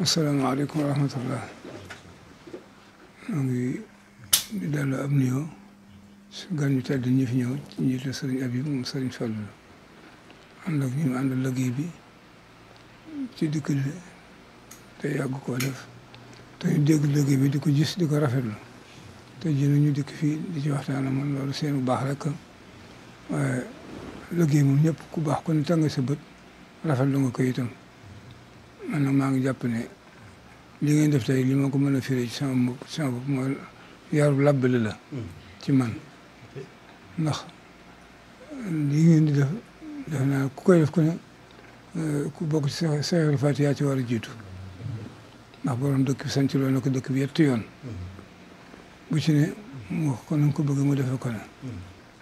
asalaamaaleykum wa rahmatullah maa ngi di delloo ab nuyoo su gan ñu tedd ñi fi ñëw ci njiital sëriñ Abib moom sëriñ Fallu ànd ak ñu ànd liggéey bi ci dikk te yàgg ko def te ñu dégg liggéey bi di ko rafet di ko rafetlu te ñu dikk fii di ci waxtaana man loolu seen bu baax rek waaye liggéey ñëpp ku baax ku ne tàng sa rafet rafetlu nga ko man maa ngi jàpp ne li ngeen def tey li ma ko mën a firee ci sama mbokk sama bopp mooy yarub làbbali la ci man ndax li ngeen di def def naa ku koy def ku ne eh, ku bokk ci Seexul ci war jiitu ndax borom dëkk bi sanc loo na ko dëkk bi yetti yoon bu ci ne mu wax ko bëgg mu defe ko ne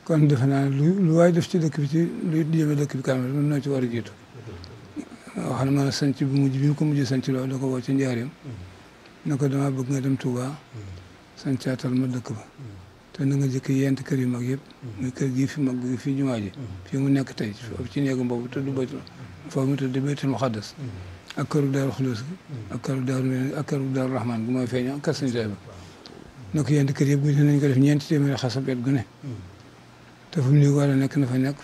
kon defe naa lu lu waay def ci dëkk ci luy jëme dëkk bi kanam noo ci war jiitu wax na ma ne sanc bu mujj bi ko mujj sanc loolu da ko woo ci njaareem mm-hmm. na ko dama bëgg nga dem Touba mm-hmm. sancaatal ma dëkk ba mm-hmm. te nga jëkk yent kër yu mag yëpp muy kër gii fi mag gi fii jumaa ji fii mu nekk tey ci néegu boobu tudd ba foofu mu tudd baytul muqaddas ak këru daaru xulus gi ak këru daaru ak këru daaru rahman bu mooy feeñoo ak kër sañ tey ba na ko yent kër yëpp guddi nañ ko def ñeenti téeméeri xasa bet gu ne te fu mu na fa nekk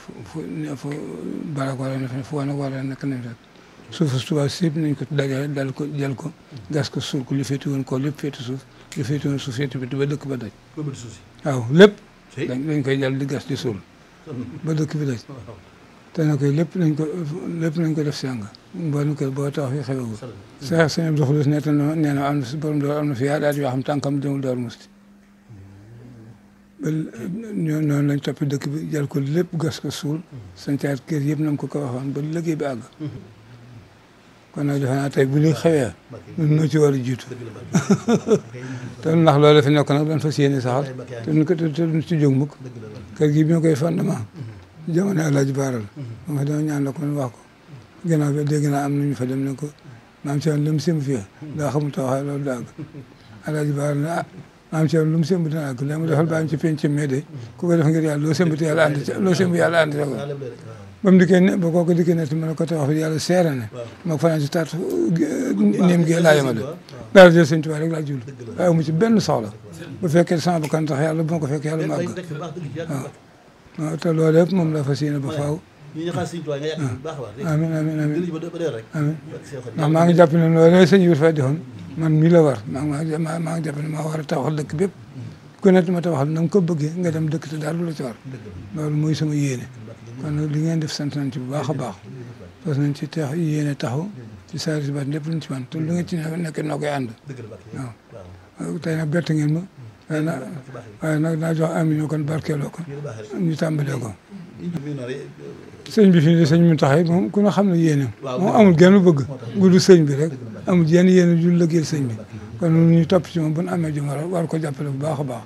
fu barag war a nekk fu a suuf suufu tubaab sépp nañ ko dajale dal ko jël ko gas ko suul ko li féete woon ko lépp féete suuf li féete woon suuf féete bi ba dëkk ba daj waaw lépp dañ koy jal di gas di suul ba dëkk bi daj te na koy lépp lañ ko lépp lañ ko def sàng mboolem kër boo tax fi xewagul sa sañeb doxalus neta nee na am na borom door am na fi yaadaat yoo xam tànkam demul door musti ba ñoo noonu lañ toppi dëkk bi jël ko lépp gas ko suul mm-hmm. santaat kër yëpp nam ko ko waxoon ba liggéey bi àgg mm-hmm. kon na defe naa tey bu li xewee ñun ñoo ci war a jiitu te ndax loolu fi nekk nag dañ fas yéene saxal te duñ ko te duñ ci jóg mukk kër gi bi ñu koy fondement jamono Alaaji la ma fa dama ñaan la ko wax ko de bi dégg naa am nañu fa dem ne ko maam si woon lim sim fii ta xamul taxawaay loolu daag Alaaji Baara ne ah, maam Cheikh lu mu sëmb dina àgg la mu defal baam ci penc mais de ku ko def ngir yàlla loo sëmb te yàlla ànd loo sëmb yàlla ànd ko ba mu dikkee ne ba kooku dikkee ne ma ne ko tawax yàlla gi laa ba faaw amiin amiin amiin amiin ndax maa ngi jàpp ne loolu sëñ bi dafay defoon man mi la war maa ngi maa maa ngi jàpp ne maa war a tabaxal dëkk bépp ku nekk ma tabaxal na nga ko bëggee nga dem dëkk te daal du la ci war loolu mooy sama yéene kon nag li ngeen def sant nañ ci bu baax a baax parce que nañ ci tax yéene taxaw ci saa si baat lépp luñ ci man te lu nga ci nekk noo koy ànd waaw tey nag bett ngeen ma waaye nag naa jox am ñoo kon barkeeloo ko ñu tàmbalee ko sëñ bi fi sañ sëñ Mountakha moom ku ne xam ne yéene moom amul genn bëgg gudd sëñ bi rek amul yenn yéene ju lëggeel sëñ bi kon ñun ñu topp ci moom bu ñu amee juma war ko jàppale bu baax a baax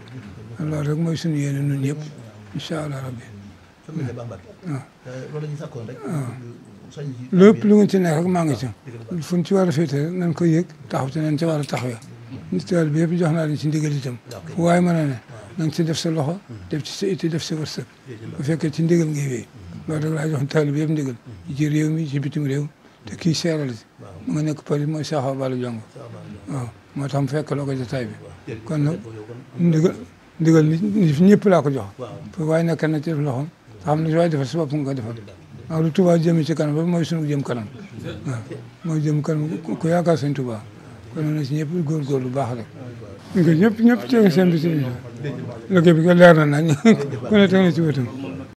loolu rek mooy suñu yéene ñun ñëpp incha allah rabbi lépp euh, lu nga ci nekk rek maa ngi ci fu ci war a féete rek nañ ko yëg taxaw ci nañ ci war a taxawee. ministère mm-hmm. bi yëpp jox na leen ci ndigal itam fu waaye mën a ne na nga ci def sa loxo def ci sa itti def sa wërsëg bu ci ndigal ngay wéy loolu rek laa joxoon taalib yëpp ndigal ci réew mi ci bitim réew te kii seeral si mu nga nekk Paris mooy Sakho Balla Diongo moo tax mu fekk loo ko jotaay bi kon nag ndigal ndigal li ñëpp laa ko jox pour waaye nekk na ci def loxoom te xam ne si waaye defal sa bopp nga ko defal waaw lu Touba jëm ci kanam mooy sunu jëm kanam waaw mooy jëm kanam ku yaakaar sëñ Touba kon na si ñëpp góorgóor lu baax rek ñu ko ñëpp ñëpp teg seen bisi liggéey bi ko leer na nañ ku ne na ci wetam